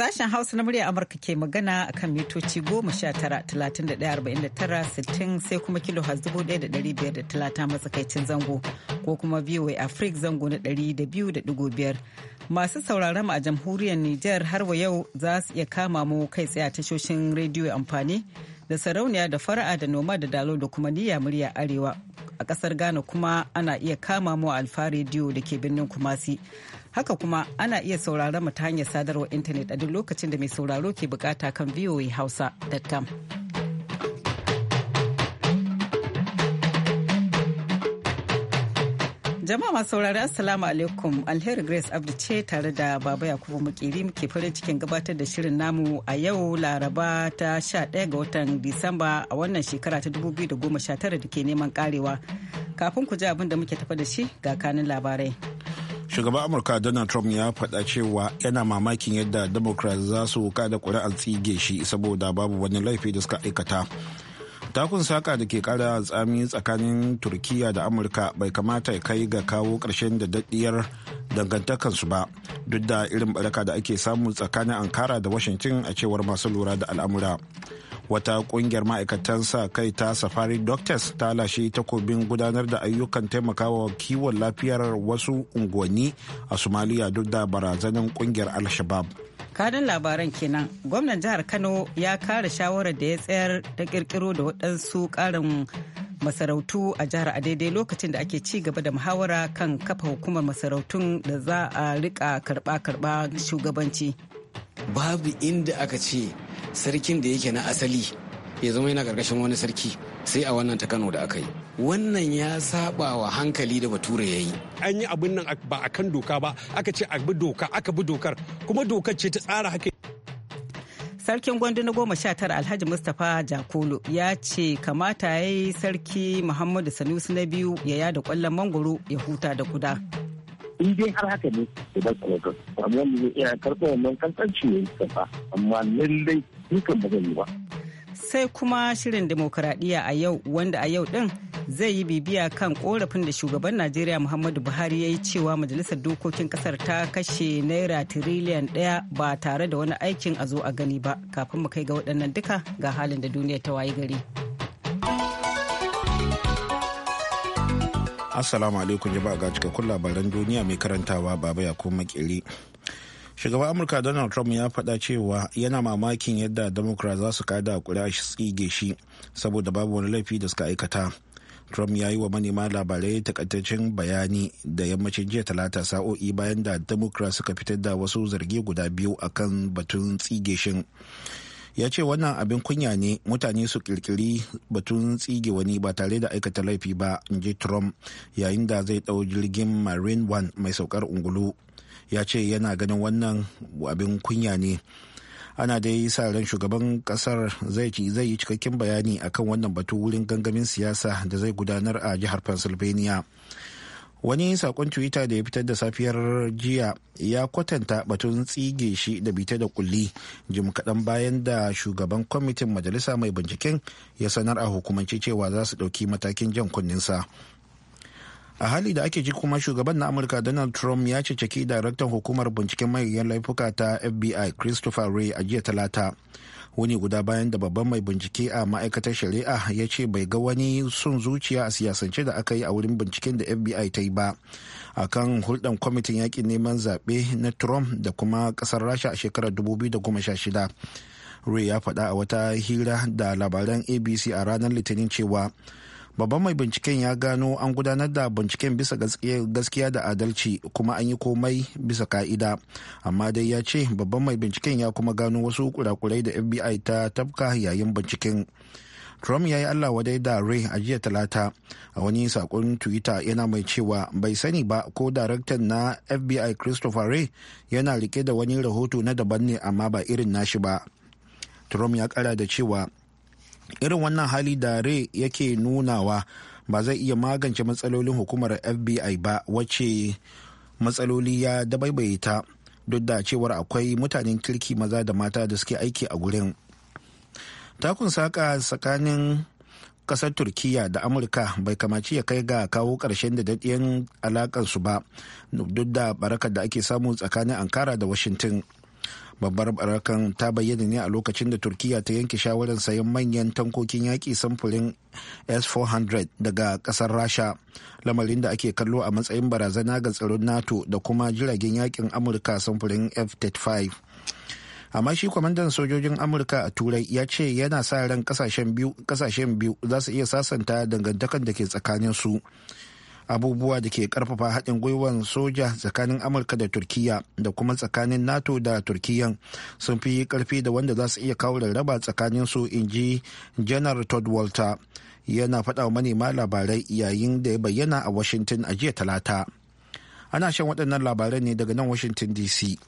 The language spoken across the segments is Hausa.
Sashen Hausa na murya Amurka ke magana a kan mitoci 19,31,49,60 sai kuma kilo has 1,530 matsakaicin zango ko kuma VOA afrik zango na da da biyu biyar Masu sauraron a jamhuriyar Nijar har wa yau za su iya kama mu kai tsaye a tashoshin rediyo amfani da sarauniya da fara'a da noma da dalo da kuma niyya murya arewa. A kasar Ghana kuma ana iya kama mu a alfa rediyo da ke birnin Kumasi. Haka kuma ana iya sauraron mu ta hanyar sadarwar intanet a duk lokacin da mai sauraro ke bukata kan voahausa.com. jama'a masu saurari assalamu alaikum alheri grace abdu ce tare da baba yakubu mukiri muke farin cikin gabatar da shirin namu a yau laraba ta 11 ga watan disamba a wannan shekara ta 2019 da ke neman karewa kafin ku ji abin da muke tafa da shi ga kanin labarai shugaban amurka donald trump ya faɗa cewa yana mamakin yadda democrats za su kada kuri'ar tsige shi saboda babu wani laifi da suka aikata takun saka da ke kara tsami tsakanin turkiya da amurka bai kamata ya kai ga kawo ƙarshen da daddiyar dangantakansu ba duk da irin baraka da ake samu tsakanin ankara da washington a cewar masu lura da al'amura wata kungiyar ma'aikatan sa kai ta safari doctors ta lashe takobin gudanar da ayyukan taimakawa kiwon lafiyar wasu unguwanni a somaliya duk da barazanin kungiyar alshabab. shabab kanin labaran kenan gwamnan jihar kano ya kare shawarar da ya tsayar da kirkiro da waɗansu ƙarin masarautu a jihar a daidai lokacin da ake ci gaba da muhawara kan kafa hukumar masarautun da za a rika karba-karba shugabanci babu inda aka ce sarkin da yake na asali ya zama yana karkashin wani sarki sai a wannan ta kano da aka yi wannan ya saba wa hankali da bature ya yi an yi abin nan ba a kan doka ba aka ce a bi doka aka bi dokar kuma dokar ce ta tsara haka sarkin gwandu na goma sha tara alhaji mustapha jakolo ya ce kamata ya yi sarki muhammadu sanusi na biyu ya yada kwallon mangoro ya huta da guda. in dai har haka ne to ba ka amma ni ina karɓo wannan kankanci ne ba amma lallai dukan ba zan yi ba. sai kuma shirin demokuraɗiyya a yau wanda a yau ɗin zai yi bibiya kan korafin da shugaban najeriya muhammadu buhari ya yi cewa majalisar dokokin kasar ta kashe naira tiriliyan ɗaya ba tare da wani aikin a zo a gani ba kafin mu kai ga waɗannan duka ga halin da duniya ta wayi gari. Assalamu alaikum jama'a ga cikakkun labaran duniya mai karantawa baba ya kuma kiri Shugaban Amurka Donald Trump ya faɗa cewa yana mamakin yadda Democrat za su kada kuri'a a tsige shi saboda babu wani laifi da suka aikata. Trump ya yi wa manema labarai takaitaccen bayani da yammacin jiya talata sa'o'i bayan da Democrat suka fitar da wasu zargi guda biyu akan batun tsige shin. ya ce wannan abin kunya ne mutane su kirkiri batun tsige wani ba tare da aikata laifi ba in ji trump yayin da zai ɗau jirgin marine one mai saukar ungulu ya ce yana ganin wannan abin kunya ne ana dai sa ran shugaban kasar zai yi cikakken bayani akan wannan batu wurin gangamin siyasa da zai gudanar a jihar pennsylvania wani sakon twitter da ya fitar da safiyar jiya ya kwatanta batun tsige shi da bita da kulli jim kaɗan bayan da shugaban kwamitin majalisa mai binciken ya sanar a hukumance cewa za su ɗauki matakin jan kunninsa a hali da ake ji kuma shugaban na amurka donald trump ya ceceki daraktan hukumar binciken manyan laifuka ta fbi christopher ray a jiya talata wani guda bayan da babban mai bincike a ma'aikatar shari'a ya ce bai ga wani sun zuciya a siyasance da aka yi a wurin binciken da fbi ta yi ba a kan hulɗar kwamitin yakin neman zaɓe na trump da kuma ƙasar rasha a shekarar 2016 Ray ya faɗa a wata hira da labaran abc a ranar litinin cewa babban mai binciken ya gano an gudanar da binciken bisa gaskiya da adalci kuma an yi komai bisa ka'ida amma dai ya ce babban mai binciken ya kuma gano wasu kurakurai da fbi ta tafka yayin binciken trump ya yi allah wadai da ray a jiya talata a wani sakon twitter yana mai cewa bai sani ba ko daraktan na fbi christopher ray yana rike da wani rahoto na daban ne amma ba irin nashi ba trump ya kara da cewa irin wannan hali da re yake nunawa ba zai iya magance matsalolin hukumar fbi ba wacce matsaloli ya dabaibayeta duk da cewar akwai mutanen kirki maza da mata da suke aiki a gurin takun saka tsakanin kasar turkiya da amurka bai kamaci ya kai ga kawo ƙarshen da daɗiyan alakansu ba duk da barakar da ake samu tsakanin ankara da washington babbar barakan ta bayyana ne a lokacin da turkiya ta yanke shawarar sayan manyan tankokin yaƙi samfurin s-400 daga ƙasar rasha lamarin da ake kallo a matsayin barazana ga tsaron nato da kuma jiragen yaƙin amurka samfurin f-35 amma shi kwamandan sojojin amurka a turai ya ce yana sa ran kasashen biyu za su iya sasanta dangantakan da ke tsakanin su abubuwa da ke karfafa haɗin gwiwar soja tsakanin amurka da turkiya da kuma tsakanin nato da turkiyan sun fi karfi da wanda za su iya kawo rarraba tsakanin su in ji janar todd walter yana faɗa wa manema labarai yayin da ya bayyana a washington a jiya talata ana shan waɗannan labarai ne daga nan washington dc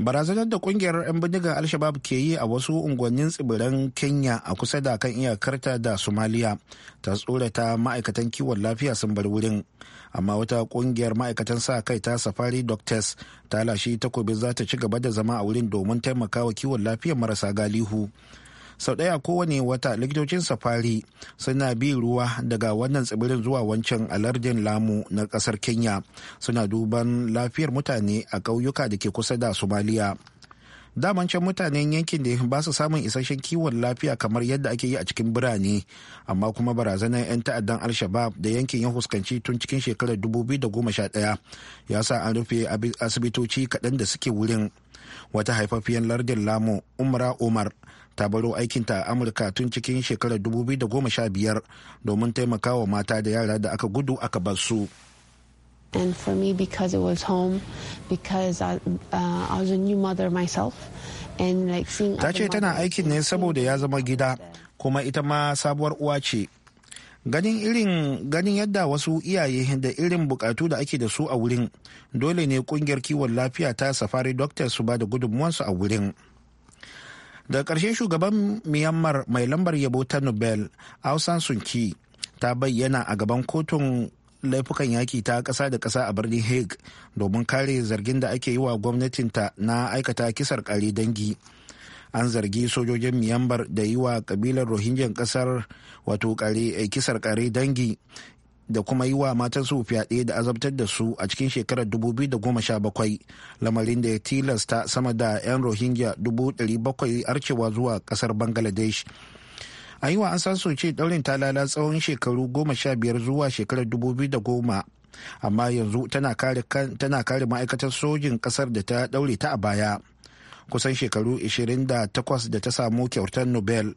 barazanar da kungiyar 'yan bindigar alshabab ke yi a wasu unguwannin tsibiran kenya a kusa da kan iyakarta da sumaliya ta tsorata ma'aikatan kiwon lafiya sun bar wurin amma wata kungiyar ma'aikatan sa kai ta safari doctors ta lashe takobin za ta ci gaba da zama a wurin domin taimakawa kiwon lafiyar marasa galihu sau ɗaya kowane wata likitocin safari suna bi ruwa daga wannan tsibirin zuwa wancan a lardin lamu na ƙasar kenya suna duban lafiyar mutane a ƙauyuka da ke kusa da somaliya daman can mutanen yankin da ba su samun isasshen kiwon lafiya kamar yadda ake yi a cikin birane amma kuma barazanar 'yan ta'addan al-shabab da yankin ya fuskanci tun cikin shekarar 2011 ya sa an rufe asibitoci kaɗan da suke wurin wata haifafiyan lardin lamu umra umar ta baro aikinta a amurka tun cikin shekarar 2015 domin taimakawa mata da yara da aka gudu aka bar su And for me, because it was Ta ce tana aikin ne saboda ya zama gida, kuma ita ma sabuwar uwa ce. ganin irin ganin yadda wasu iyaye da irin bukatu da ake da su a wurin dole ne kungiyar kiwon lafiya ta safari doctor su ba da gudunmuwansu a wurin da ƙarshe shugaban myanmar mai lambar yabo ta nobel ausan sunki ta bayyana a gaban kotun laifukan yaki ta ƙasa da ƙasa a birnin hague domin kare zargin da ake yi wa gwamnatinta na aikata kisar kare dangi an zargi sojojin miyambar da yi wa kabilar rohingyan kasar wato eh, kisar kare dangi da kuma yi wa matan su fyaɗe da azabtar da su a cikin shekarar 2017 lamarin da ya tilasta sama da 'yan rohingya 700 arcewa zuwa kasar bangladesh a yi wa an san ce daurin lala tsawon shekaru 15 zuwa shekarar 2010 amma yanzu tana kare ma'aikatar sojin kasar da ta daure ta a baya kusan shekaru 28 da ta samu kyautar nobel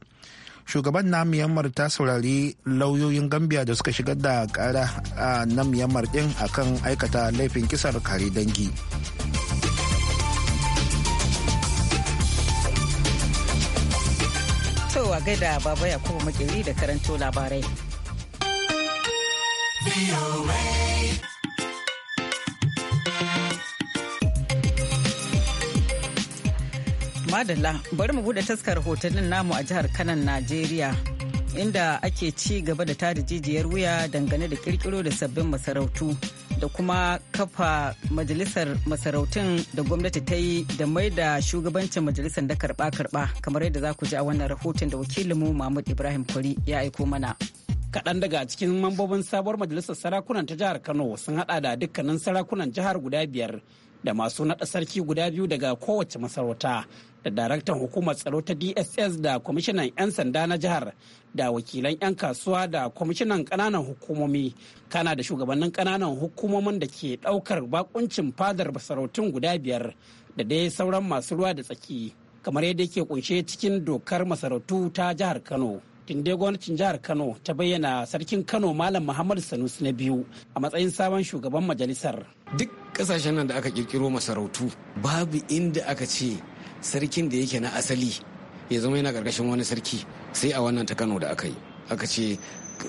shugaban na myanmar ta saurari lauyoyin gambia da suka shigar da kara a na myanmar din akan aikata laifin kisar kare dangi a gaida baba ya yakubu makeri da karanto labarai madalla bari mu bude taskar hotunan namu a jihar kanan najeriya inda ake ci gaba da tada jijiyar wuya dangane da kirkiro da sabbin masarautu da kuma kafa majalisar masarautun da gwamnati ta yi da mai da shugabancin majalisar da karba-karba kamar yadda za ku ji a wannan rahoton da wakilinmu mahmud ibrahim kuri ya aiko mana kaɗan daga cikin mambobin sabuwar majalisar sarakunan ta jihar kano sun haɗa da dukkanin sarakunan jihar guda biyar da masu naɗa sarki guda biyu daga kowace masarauta da daraktan hukumar tsaro ta dss da kwamishinan 'yan sanda na jihar da wakilan 'yan kasuwa da kwamishinan ƙananan hukumomi kana da shugabannin ƙananan hukumomin da ke ɗaukar bakuncin fadar masarautun guda biyar da dai sauran masu ruwa da tsaki kamar yadda ke kunshe cikin dokar masarautu ta jihar kano Tunde gwamnatin jihar kano ta bayyana sarkin kano malam muhammadu sanusi na biyu a matsayin sabon shugaban majalisar duk kasashen nan da aka kirkiro masarautu babu inda aka ce sarkin da yake na asali ya zama yana karkashin wani sarki sai a wannan ta kano da aka yi aka ce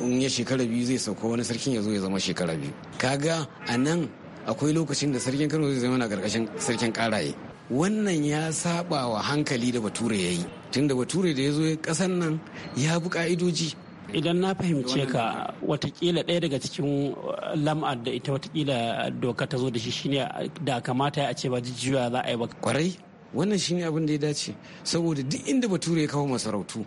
in ya shekara biyu zai sauko wani sarkin ya zo ya zama shekara biyu kaga a nan akwai lokacin da sarkin kano zai zama yana karkashin sarkin karaye wannan ya saba wa hankali da bature ya yi tunda bature da ya zo kasan nan ya bi ka'idoji idan na fahimce ka watakila ɗaya daga cikin uh, lam'ar da ita watakila doka ta zo da shi shine uh, da kamata a ce ba jijjiwa za a yi ba kwarai wannan shine abin da ya dace saboda duk inda bature ya kawo masarautu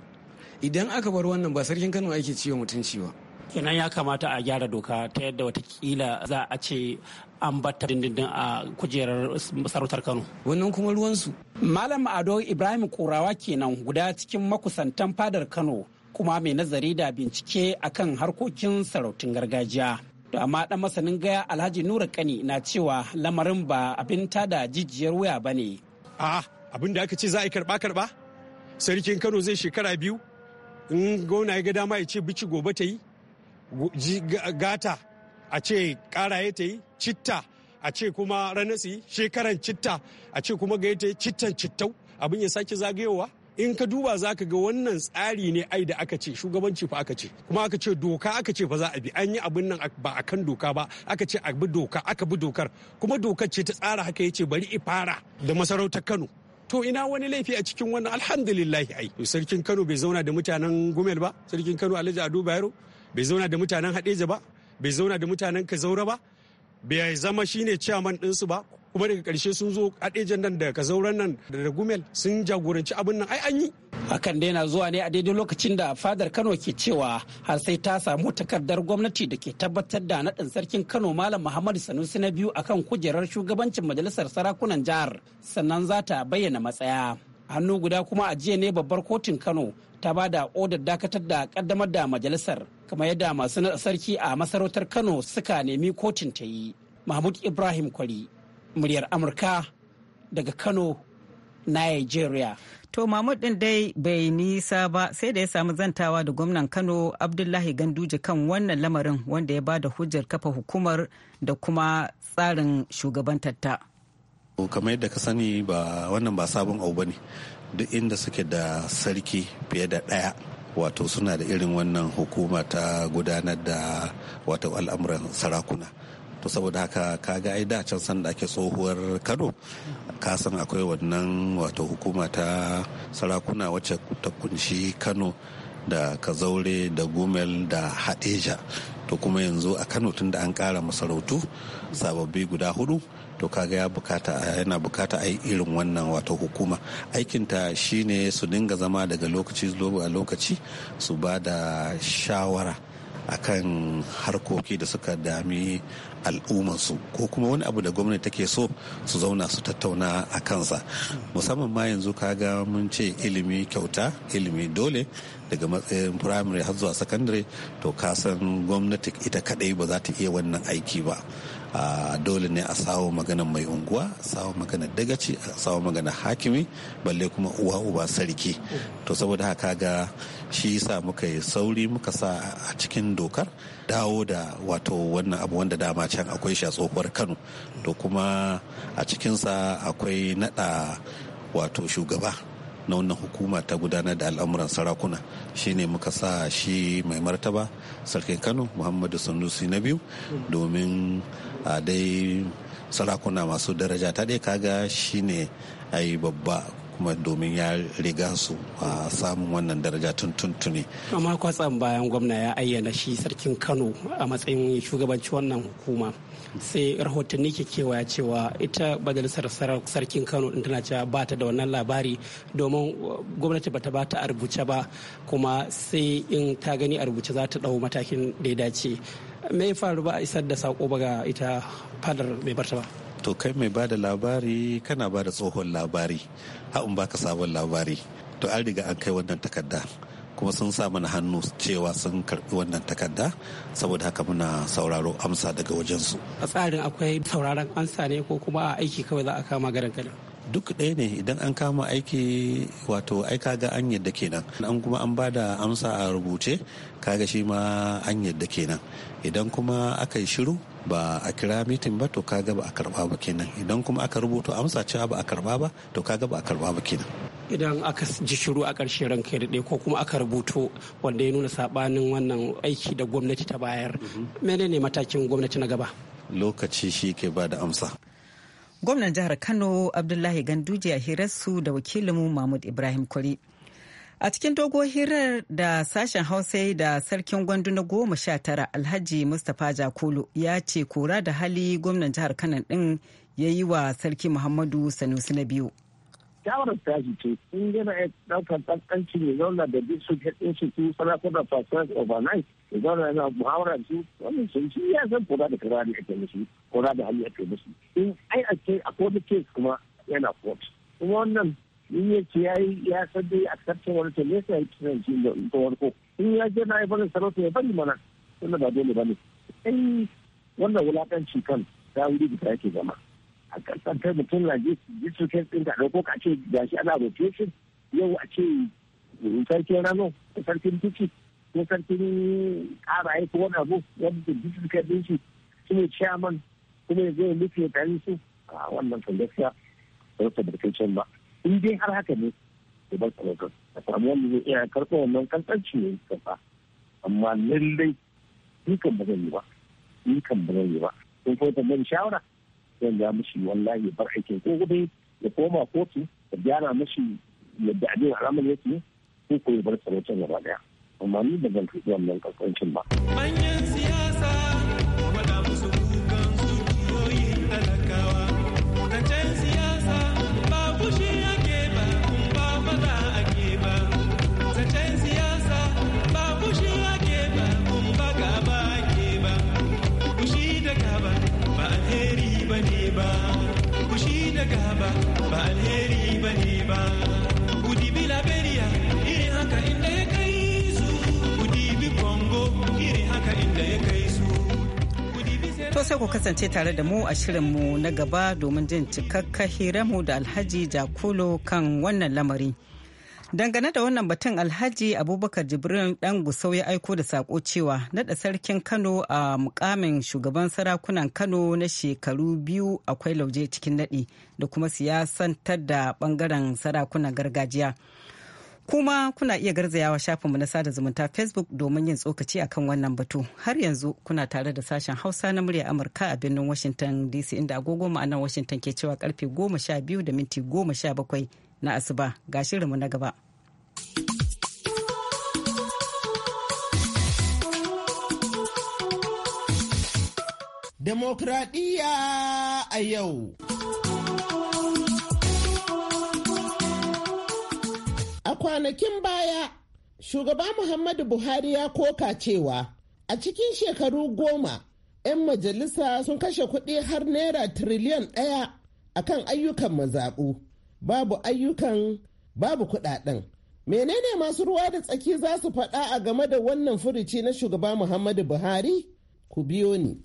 idan aka bar wannan ba sarkin kano ake ciwo mutunci ba kenan ya kamata a gyara doka ta yadda watakila za a ce an dindindin a kujerar sarautar kano wannan kuma ruwansu malam ado ibrahim kurawa kenan guda cikin makusantan fadar kano kuma mai nazari da bincike akan harkokin sarautun gargajiya to amma dan masanin gaya alhaji nura kani na cewa lamarin ba abin tada jijiyar wuya ba ne a abin da aka ce za a yi karba karba sarkin kano zai shekara biyu in gona ya ga dama ya ce biki gobe ta yi gata a ce kara ta yi citta a ce kuma ranasi shekaran citta a ce kuma ga ta yi cittan cittau abin ya sake zagayowa in ka duba za ka ga wannan tsari ne ai da aka ce shugabanci fa aka ce kuma aka ce doka aka ce fa za a bi an yi abin nan ba a kan doka ba aka ce a bi doka aka bi dokar kuma dokar ce ta tsara haka ya ce bari fara da masarautar kano to ina wani laifi a cikin wannan alhamdulillahi ai sarkin kano bai zauna da mutanen gumel ba sarkin kano alhaji ado bayero bai zauna da mutanen hadeja ba bai zauna da mutanen ka zaura ba bai zama shine ciyaman ɗinsu ba kuma daga karshe sun zo adejan nan da kazauran nan da gumel sun jagoranci abin nan ai an yi hakan dai na zuwa ne a daidai lokacin da fadar kano ke cewa har sai ta samu takardar gwamnati da ke tabbatar da naɗin sarkin kano malam muhammadu sanusi na biyu akan kujerar shugabancin majalisar sarakunan jihar sannan za ta bayyana matsaya hannu guda kuma a jiya ne babbar kotun kano ta ba da odar dakatar da kaddamar da majalisar kamar yadda masu sarki a masarautar kano suka nemi kotun ta yi mahmud ibrahim kwari muryar amurka daga kano nigeria to mahmud din dai bai nisa ba sai da ya samu zantawa da gwamnan kano abdullahi ganduje kan wannan lamarin wanda ya ba da hujjar kafa hukumar da kuma tsarin shugabantarta kamar yadda ka sani ba wannan ba sabon abu ba ne duk inda suke da sarki fiye da ɗaya wato suna da irin wannan hukuma ta gudanar da wato al'amuran sarakuna to saboda haka ka ga ai da can sanda ake tsohuwar kano ka san akwai wannan wato hukuma ta sarakuna wacce ta kunshi kano da kazaure da gumel da hadeja to kuma yanzu a kano tunda an kara masarautu sababbi guda hudu to kaga ya bukata yana bukata a irin wannan wato hukuma aikinta shine su dinga zama daga lokaci zuwa lokaci su ba da shawara akan harkoki da suka dami al'ummarsu ko kuma wani abu da gwamnati take so su zauna su tattauna a kansa musamman ma yanzu kaga mun ce ilimi kyauta ilimi dole daga matsayin firamare har zuwa sakandare to kasan gwamnati ita kadai ba za ta iya wannan aiki ba a dole ne a sawo magana mai unguwa a sawo magana dagaci a sawo magana hakimi balle kuma uwa uba sarki to saboda haka ga shi yasa muka yi sauri muka sa a cikin dokar dawo da wato wannan abu wanda dama can akwai shi a tsohuwar kano to kuma a cikinsa akwai nada wato shugaba na wannan hukuma ta gudanar da al'amuran sarakuna shine muka sa shi mai martaba sarkin kano muhammadu sanusi na biyu domin a dai sarakuna masu daraja ta ɗaya kaga shine ayi babba kuma domin ya riga su a samun wannan daraja tun tuntuni. amma kwatsam bayan gwamna ya ayyana shi sarkin kano a matsayin shugabanci wannan hukuma sai rahotanni ke kewaya cewa ita majalisar sarkin kano din tana cewa bata da wannan labari domin uh, gwamnati bata bata a rubuce ba kuma sai in ta gani a rubuce za ta dau matakin da ya dace me faru ba a isar da sako ba ga ita fadar mai barta ba to kai mai ba da labari kana ba da tsohon labari in baka sabon labari to an riga an kai wannan takarda kuma sun sa mana hannu cewa sun karbi wannan takarda saboda haka muna sauraro amsa daga wajensu a tsarin akwai sauraron amsa ne ko kuma a aiki kawai za a kama garin garin duk ɗaya ne idan an kama aiki wato ai ga an yadda kenan an kuma an bada amsa a rubuce kaga shi ma an yadda kenan idan kuma aka yi shiru ba a kira mitin ba to kaga ba a karba ba kenan idan kuma aka rubuta amsa cewa ba a karba ba to kaga ba a karba ba kenan idan aka ji shiru a ƙarshe ranka da daɗe ko kuma aka rubuto wanda ya nuna saɓanin wannan aiki da gwamnati ta bayar mhm. menene matakin gwamnati na gaba lokaci shi ke bada amsa gwamnan jihar kano abdullahi ganduje a hirarsu da wakilinmu mahmud ibrahim kuri a cikin dogo hirar da sashen hausa da sarkin gwandu na goma sha tara alhaji mustapha Jakulu ya ce kora da hali gwamnan jihar kano din ya yi wa sarki muhammadu sanusi na biyu shawarar ta ce in yana ya ɗaukar ƙasƙanci ne zauna da duk su kaɗin su su da fasuwar overnight ya zauna yana muhawara su wannan sun shi ya san kura da kura da ake musu kura da hali ake musu in ai a ce a kodin case kuma yana court kuma wannan in ya ce ya yi ya san dai a karshen wani ta nesa ya ci zan ci da farko in ya je na yi barin sarauta ya bari mana wannan ba dole ba ne. wannan wulaƙanci kan ta wuri da ta yake zama. a kasar mutum na jikin ɗin ta ɗauko ka ce gashi ana rotation yau a ce sarkin rano ko sarkin duki ko sarkin ƙaraye ko wani abu wanda jikin ɗin shi shi ne chairman kuma ya zai nufi ya tare su a wannan kan gaskiya ba ta barkacin ba in dai har haka ne da ba ta a samu wanda zai iya karɓar wannan kankanci ne karɓa amma lallai ni kan ba zan yi ba ni kan ba zan yi ba sun kuma tambayar shawara zan ga mishi wallahi ya bar aikin ko gobe ya koma kotu ya gyara mishi yadda abin al'amar yake ko ko ya bar sarautar gaba daya amma ni ba zan tuɗi wannan kasancin ba. sai ku kasance tare da mu a mu na gaba domin jin cikakken hiramu da alhaji jakulo kan wannan lamari. Dangane da wannan batun Alhaji Abubakar Jibrin dan Gusau ya aiko da sako cewa nada sarkin Kano a mukamin shugaban sarakunan Kano na shekaru biyu akwai lauje cikin nadi da kuma siyasantar da bangaren sarakunan gargajiya. kuma kuna iya garzayawa shafinmu na sada zumunta facebook domin yin tsokaci akan wannan batu har yanzu kuna tare da sashen hausa na murya amurka a birnin washington dc inda agogo ma'anar washington ke cewa karfe 12 da minti 17 na asuba ga shirinmu na gaba Demokradiyya a yau. kwanakin baya, shugaba Muhammadu Buhari ya koka cewa a cikin shekaru goma, 'yan majalisa sun kashe kuɗi har naira tiriliyan ɗaya a kan ayyukan mazaɓu. Babu ayyukan babu kuɗaɗen. Menene masu ruwa da tsaki za su faɗa a game da wannan furuci na shugaba Muhammadu Buhari? Ku biyo ni.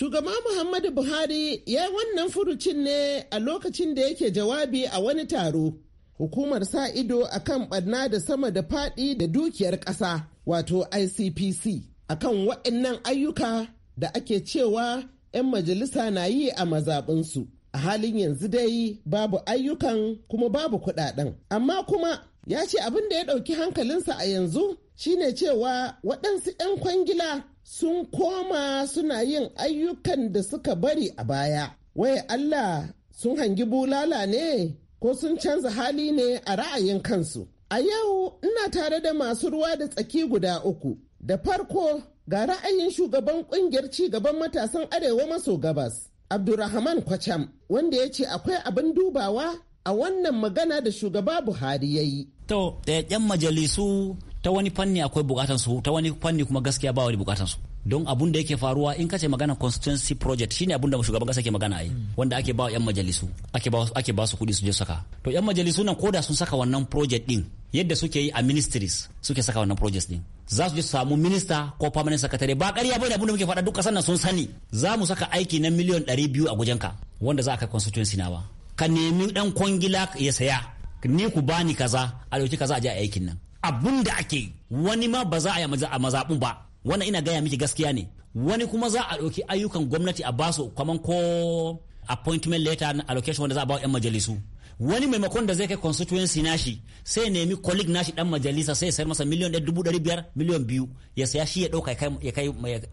Shugaba Muhammadu Buhari ya yi wannan furucin ne a lokacin da yake jawabi a wani taro. Hukumar sa ido a kan ɓarna da sama da faɗi da dukiyar ƙasa wato ICPC a kan waɗannan ayyuka da ake cewa 'yan majalisa na yi a mazaɓinsu. A halin yanzu dai babu ayyukan kuma babu kuɗaɗen. Amma kuma ya ce abin da ya ɗauki hankalinsa a yanzu shine cewa waɗansu 'yan kwangila sun koma suna yin ayyukan da suka bari a baya. Wai Allah sun hangi bulala ne ko sun canza hali ne a ra'ayin kansu. A yau ina tare da masu ruwa da tsaki guda uku. Da farko ga ra'ayin shugaban kungiyar ci gaban matasan arewa maso gabas. Abdurrahman Kwacham wanda ya ce akwai abin dubawa a wannan magana da shugaba Buhari ya yi. To, 'yan majalisu ta wani fanni akwai bukatan su ta wani fanni kuma gaskiya ba wani bukatan su don abun da yake faruwa in kace magana constituency project shine abun da shugaban kasa ke magana ai hmm. wanda ake ba yan majalisu ake ba ake ba su kudi su je saka to yan majalisu nan koda sun saka wannan project din yadda suke yi a ministries suke saka wannan project din za su je su samu minista ko permanent secretary ba ƙarya bane abun da muke faɗa duk ƙasar nan sun sani za mu saka aiki na miliyan 200 a gujenka wanda za a kai constituency nawa ka nemi dan kwangila ya saya ni ku bani kaza a dauki kaza a je aikin nan abun da ake wani ma ba za a yi a mazaɓun ba wannan ina gaya miki gaskiya ne wani kuma za a ɗauki ayyukan gwamnati a basu kaman ko appointment letter na allocation wanda za a ba wa 'yan majalisu wani maimakon da zai kai constituency nashi sai nemi colleague nashi dan majalisa sai ya sayar masa miliyan ɗaya dubu ɗari biyar miliyan biyu ya saya shi ya ɗauka ya kai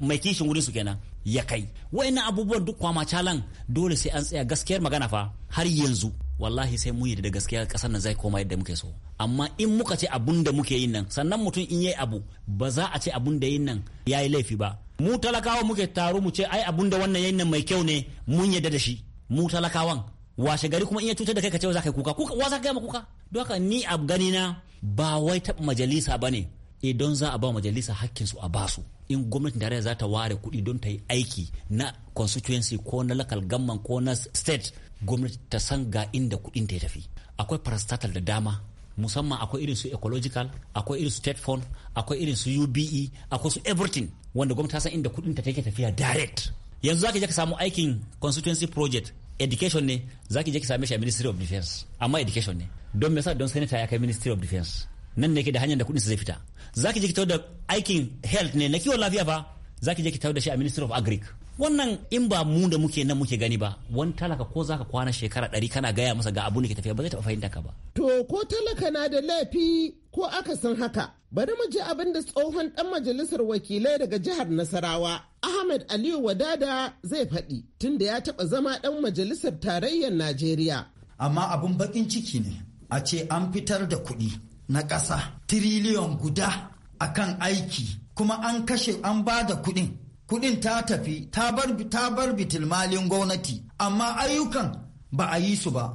mai kishin wurin su kenan ya kai wa'annan abubuwan duk kwama calan dole sai an tsaya gaskiyar magana fa har yanzu wallahi sai mun yadda da gaskiya kasar nan zai koma yadda muke so amma in muka ce abun da muke yin nan sannan mutum in yayi abu ba za a ce abun da yin nan yayi laifi ba mu talakawa muke taro mu ce ai abun da wannan yayin nan mai kyau ne mun yadda da shi mu talakawan washe gari kuma in ya cutar da kai ka ce za ka kuka kuka wa za ka yi kuka don haka ni a gani na ba wai taɓa majalisa ba ne idan za a ba majalisa hakkin su a basu in gwamnatin tarayya za ta ware kuɗi don ta yi aiki na constituency ko na local government ko na state gwamnati ta san ga inda kuɗin ta tafi akwai parastatal da dama musamman akwai irin su ecological akwai irin su state fund akwai irin su ube akwai su everything wanda gwamnati ta san inda kuɗin ta take tafiya direct yanzu zaka je ka samu aikin constituency project education ne zaki je ka same shi a ministry of defense amma education ne don me yasa don senator ya kai ministry of defense nan ne ke da hanyar da kuɗin su zai fita zaki je ki tawo da aikin health ne na kiwon lafiya ba zaki je ki tawo da shi a ministry of agric wannan in ba mu da muke nan muke gani ba wani talaka ko zaka kwana shekara ɗari kana gaya masa ga abu ne ke tafiya ba zai taɓa fahimta ka ba. to ko talaka na da laifi ko aka san haka bari mu je abin da tsohon ɗan majalisar wakilai daga jihar nasarawa ahmed aliyu wadada zai faɗi tunda ya taɓa zama ɗan majalisar tarayyar najeriya amma abun bakin ciki ne a ce an fitar da kuɗi na ƙasa tiriliyon guda akan aiki kuma an kashe an ba da kuɗin kudin ta tafi ta bar bitilmalin gwamnati amma ayyukan ba a yi su ba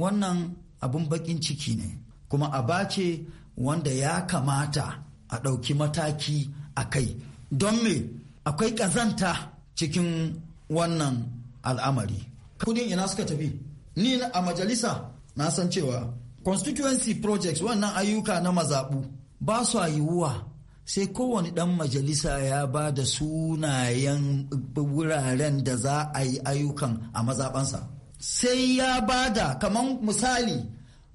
wannan abun bakin ciki ne kuma a bace wanda ya kamata a ɗauki mataki a kai don me akwai ƙazanta cikin wannan al'amari kudin ina suka tafi ni a majalisa na san cewa constituency projects wannan ayyuka na mazaɓu ba su yiwuwa sai kowane ɗan majalisa ya ba da sunayen wuraren da za a yi ayyukan a mazaɓansa sai ya ba da kamar misali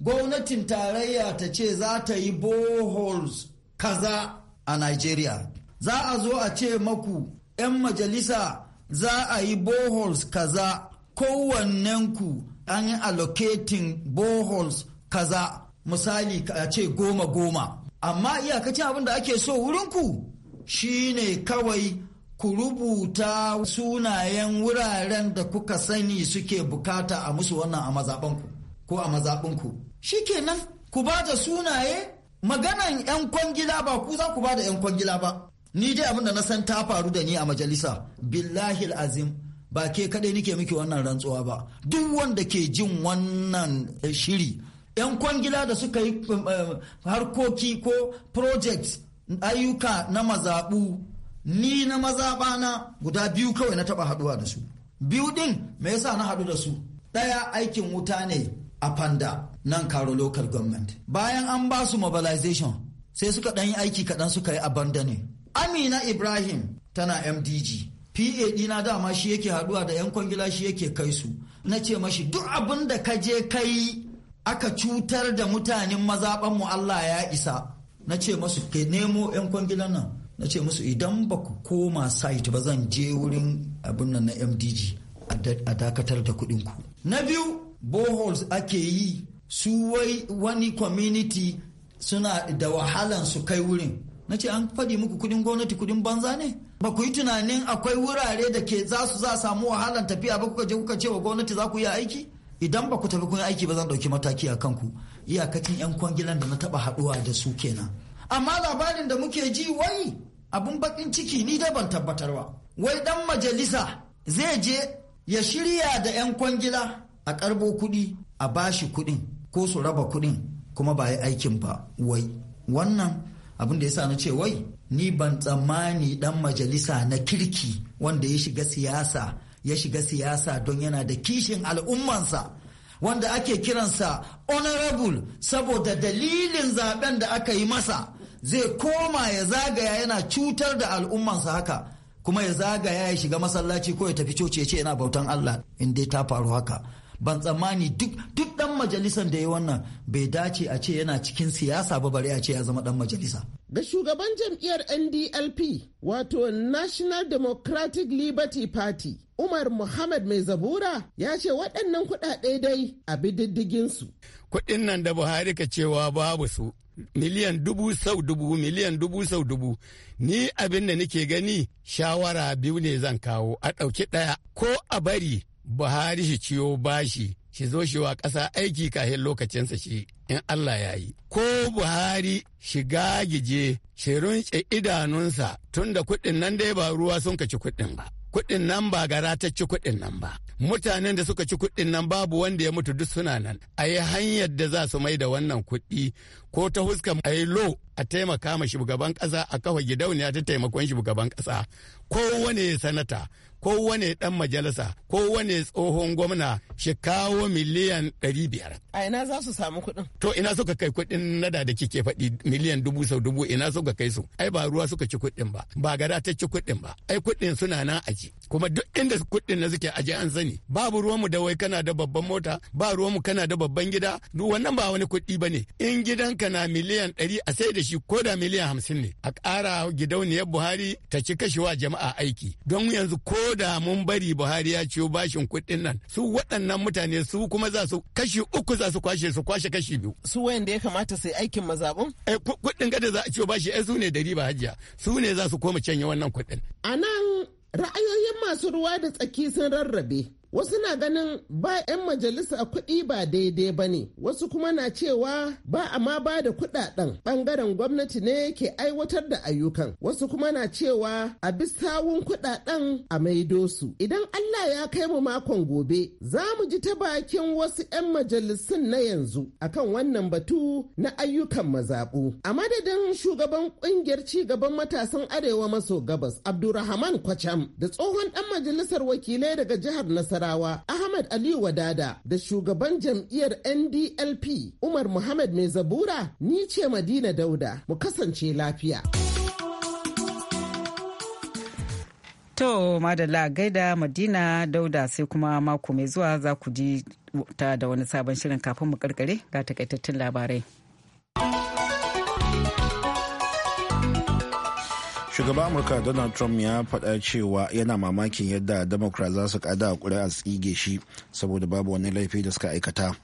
gwamnatin tarayya ta ce za ta yi boholes kaza a nigeria za a zo a ce maku 'yan majalisa za a yi boholes kaza kowannenku an yi allocating boholes kaza misali a ce goma goma amma iyakacin abin da ake so wurinku shine kawai ku rubuta sunayen wuraren da kuka sani suke bukata a musu wannan a mazaɓanku ko a mazaɓinku nan ku ba da sunaye maganan 'yan kwangila ba ku za ku ba da 'yan kwangila ba ni dai abin da na san ta faru da ni a majalisa billahil azim ba ke kadai nike miki wannan rantsuwa ba duk wanda ke jin wannan shiri 'yan kwangila da suka yi um, um, harkoki ko projects ayyuka na mazaɓu ni na mazaɓana guda biyu kawai na taɓa haɗuwa da su biyu ɗin me yasa na haɗu da su ɗaya aikin wuta ne a fanda nan karo local government bayan an ba su mobilization sai suka ɗan yi aiki kaɗan suka yi abandoning amina ibrahim tana mdg pa ɗina dama shi yake haɗuwa da 'yan kwangila shi yake kai su na ce mashi duk abin da ka je kai aka cutar da mutanen mazaɓanmu Allah ya isa na ce masu ke nemo 'yan kwangilan nan na ce masu idan ba ku koma site ba zan je wurin abin nan na mdg a dakatar da kuɗin ku na biyu boholes ake yi su wani community suna da wahalan su kai wurin na ce an faɗi muku kuɗin gwamnati kuɗin banza ne ba ku yi tunanin akwai wurare da ke za su za samu wahalan tafiya ba kuka je kuka ce wa gwamnati za ku yi aiki idan ba ku tafi kun aiki ba zan dauki mataki a kanku iyakacin yan kwangilan da na taba haduwa da su kenan amma labarin da muke ji wai abun bakin ciki ni da ban tabbatar ba wai dan majalisa zai je ya shirya da yan kwangila a karbo kuɗi a bashi kuɗin ko su raba kuɗin kuma ba yi aikin ba wai wannan abin da ya sa na ce wai ni ban tsammani dan majalisa na kirki wanda ya shiga siyasa ya shiga siyasa don yana da kishin al'ummansa wanda ake kiransa honorable saboda dalilin zaben da aka yi masa zai koma ya zagaya yana cutar da al'ummansa haka kuma ya zagaya ya shiga masallaci ko ya tafi coci ya ce yana bautan Allah in dai ta faru haka ban tsammani duk dan majalisar da ya wannan bai dace a ce yana cikin siyasa ba bare a ce ya zama dan majalisa ga shugaban jam'iyyar ndlp wato national democratic liberty party umar muhammad mai zabura ya ce waɗannan kuɗaɗe dai a bididdiginsu kuɗin nan da buhari ka cewa babu su miliyan dubu sau dubu miliyan dubu sau dubu ni abin da nake gani shawara biyu ne zan kawo a ɗauki ɗaya ko a bari buhari shi ciyo bashi shi zo shi wa ƙasa aiki kahin lokacinsa shi in Allah ya yi. Ko Buhari shiga gije shi runce idanunsa tun da kuɗin nan dai ba ruwa sun ka ci kuɗin ba. Kuɗin nan ba gara ta ci kuɗin nan ba. Mutanen da suka ci kuɗin nan babu wanda ya mutu duk suna nan. A yi hanyar da za su mai da wannan kuɗi ko ta huskan a yi lo a taimaka ma shugaban kasa a kawai gidauniya ta taimakon shugaban kasa ko kowane sanata kowane dan majalisa kowane tsohon gwamna shi kawo miliyan 500. A ina za su samu kuɗin? To ina suka kai kuɗin nada da kike faɗi miliyan dubu sau dubu ina suka kai su. Ai ba ruwa suka ci kuɗin ba, ba gada ta ci kuɗin ba. Ai kuɗin suna nan aji. Kuma duk inda kuɗin na suke aji an sani. Babu ruwan mu da wai kana da babban mota, ba ruwan mu kana da babban gida. Duk wannan ba wani kuɗi bane. In gidanka duka na miliyan ɗari a sai da shi ko da miliyan hamsin ne a ƙara gidauniyar buhari ta ci kashewa jama'a aiki don yanzu ko da mun bari buhari ya ciyo bashin kuɗin nan su waɗannan mutane su kuma za su kashi uku za su kwashe su kwashe kashi biyu su wayanda ya kamata sai aikin mazaɓin eh, kuɗin kada za a ciyo bashi ai eh, su ne da riba hajiya su ne za su koma canye wannan kuɗin a nan ra'ayoyin masu ruwa da tsaki sun rarrabe Wasu na ganin ba 'yan majalisa kuɗi ba daidai ba ne, wasu kuma na cewa ba a ma ba da kuɗaɗen ɓangaren gwamnati ne ke aiwatar da ayyukan, wasu kuma na cewa a bi sawun kuɗaɗen a maido su. Idan Allah ya kai mu makon gobe, za mu ji ta bakin wasu 'yan majalisun na yanzu akan wannan batu na ayyukan mazaɓu. A madadin shugaban ƙungiyar ci gaban matasan Arewa maso gabas Abdurrahman Kwacham da tsohon ɗan majalisar wakilai daga jihar nasara Nasarawa Ahmad Aliyu Wadada da shugaban jam'iyyar NDLP Umar Muhammad Mai Zabura ni ce Madina Dauda mu kasance lafiya. To Madalla gaida Madina Dauda sai kuma mako mai zuwa za ku ji ta da wani sabon shirin kafin mu karkare ga takaitattun labarai. shugaban amurka donald trump ya faɗa cewa yana mamakin yadda democrats za su kada a a tsige shi saboda babu wani laifi da suka aikata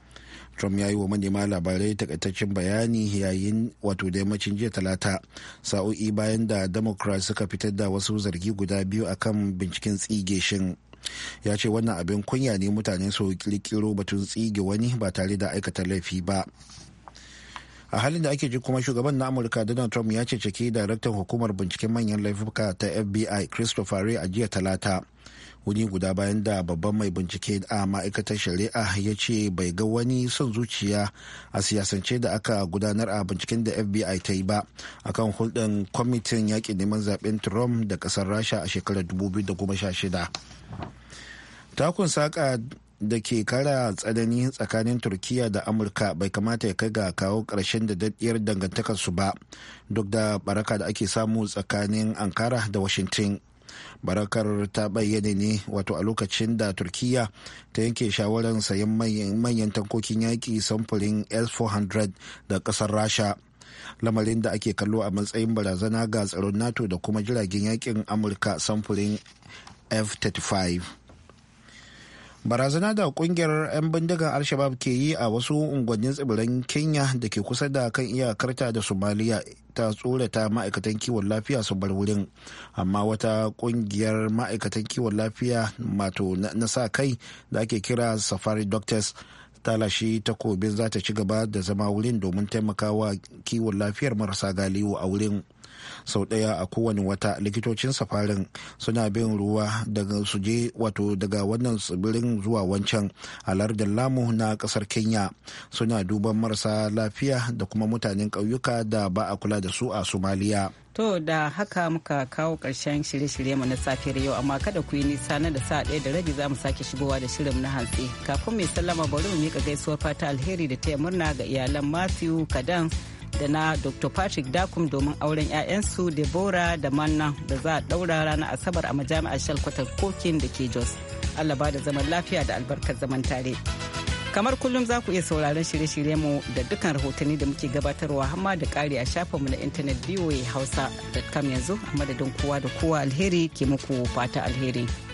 trump ya yi wa manema labarai takaitaccen bayani yayin wato da yammacin jiya talata sa'o'i bayan da democrats suka fitar da wasu zargi guda biyu akan binciken tsige shin ya ce wannan abin kunya ne mutane su kirkiro batun tsige wani ba tare da aikata laifi ba a halin da ake ji kuma shugaban na amurka donald trump ya ceceki daraktan hukumar binciken manyan laifuka ta fbi christopher ray a jiya talata wuni guda bayan da babban mai bincike a ma'aikatar shari'a ya ce bai ga wani son zuciya a siyasance da aka gudanar a binciken da fbi ta yi ba akan hulɗin kwamitin yaƙin neman zaben trump da ƙasar rasha a shekarar 2016 takun saƙa da ke kara tsanani tsakanin turkiya da amurka bai kamata ya kai ga kawo ƙarshen da daddiyar dangantakarsu ba duk da baraka da ake samu tsakanin ankara da washington barakar ta bayyana ne wato a lokacin da turkiya ta yanke shawarar sayan manyan tankokin yaƙi samfurin s-400 da ƙasar rasha lamarin da ake kallo a matsayin barazana ga tsaron nato da kuma jiragen yakin amurka samfurin f-35 barazana da kungiyar 'yan bindigar al ke yi a wasu unguwannin tsibirin kenya da ke kusa da kan iyakarta da somaliya ta tsorata ma'aikatan kiwon lafiya su bar wurin amma wata kungiyar ma'aikatan kiwon lafiya mato na sa kai da ake kira safari doctors ta lashe takobin za ta ci gaba da zama wurin domin taimakawa kiwon lafiyar marasa galiwo a wurin sau ɗaya a kowane wata likitocin safarin suna bin ruwa daga suje wato daga wannan tsibirin zuwa wancan a lardin lamu na ƙasar kenya suna duban marasa lafiya da kuma mutanen ƙauyuka da ba a kula da su a somaliya To da haka muka kawo ƙarshen shirye-shirye mu na safiyar yau amma kada ku yi nisa na da sa ɗaya da rabi za mu sake shigowa da shirin na hantsi. Kafin mai sallama bari mu miƙa gaisuwar fata alheri da taya murna ga iyalan Matthew Kadan da na dr patrick dakum domin auren 'ya'yansu deborah da manna da za a daura ranar asabar a majami'ar shalkwatar kokin da ke jos allah ba da zaman lafiya da albarkar zaman tare kamar kullum za ku iya sauraron shirye-shirye mu da dukkan rahotanni da muke gabatarwa hamma da kari a shafinmu na intanet voa hausa.com yanzu a madadin kowa da kowa alheri ke muku fata alheri.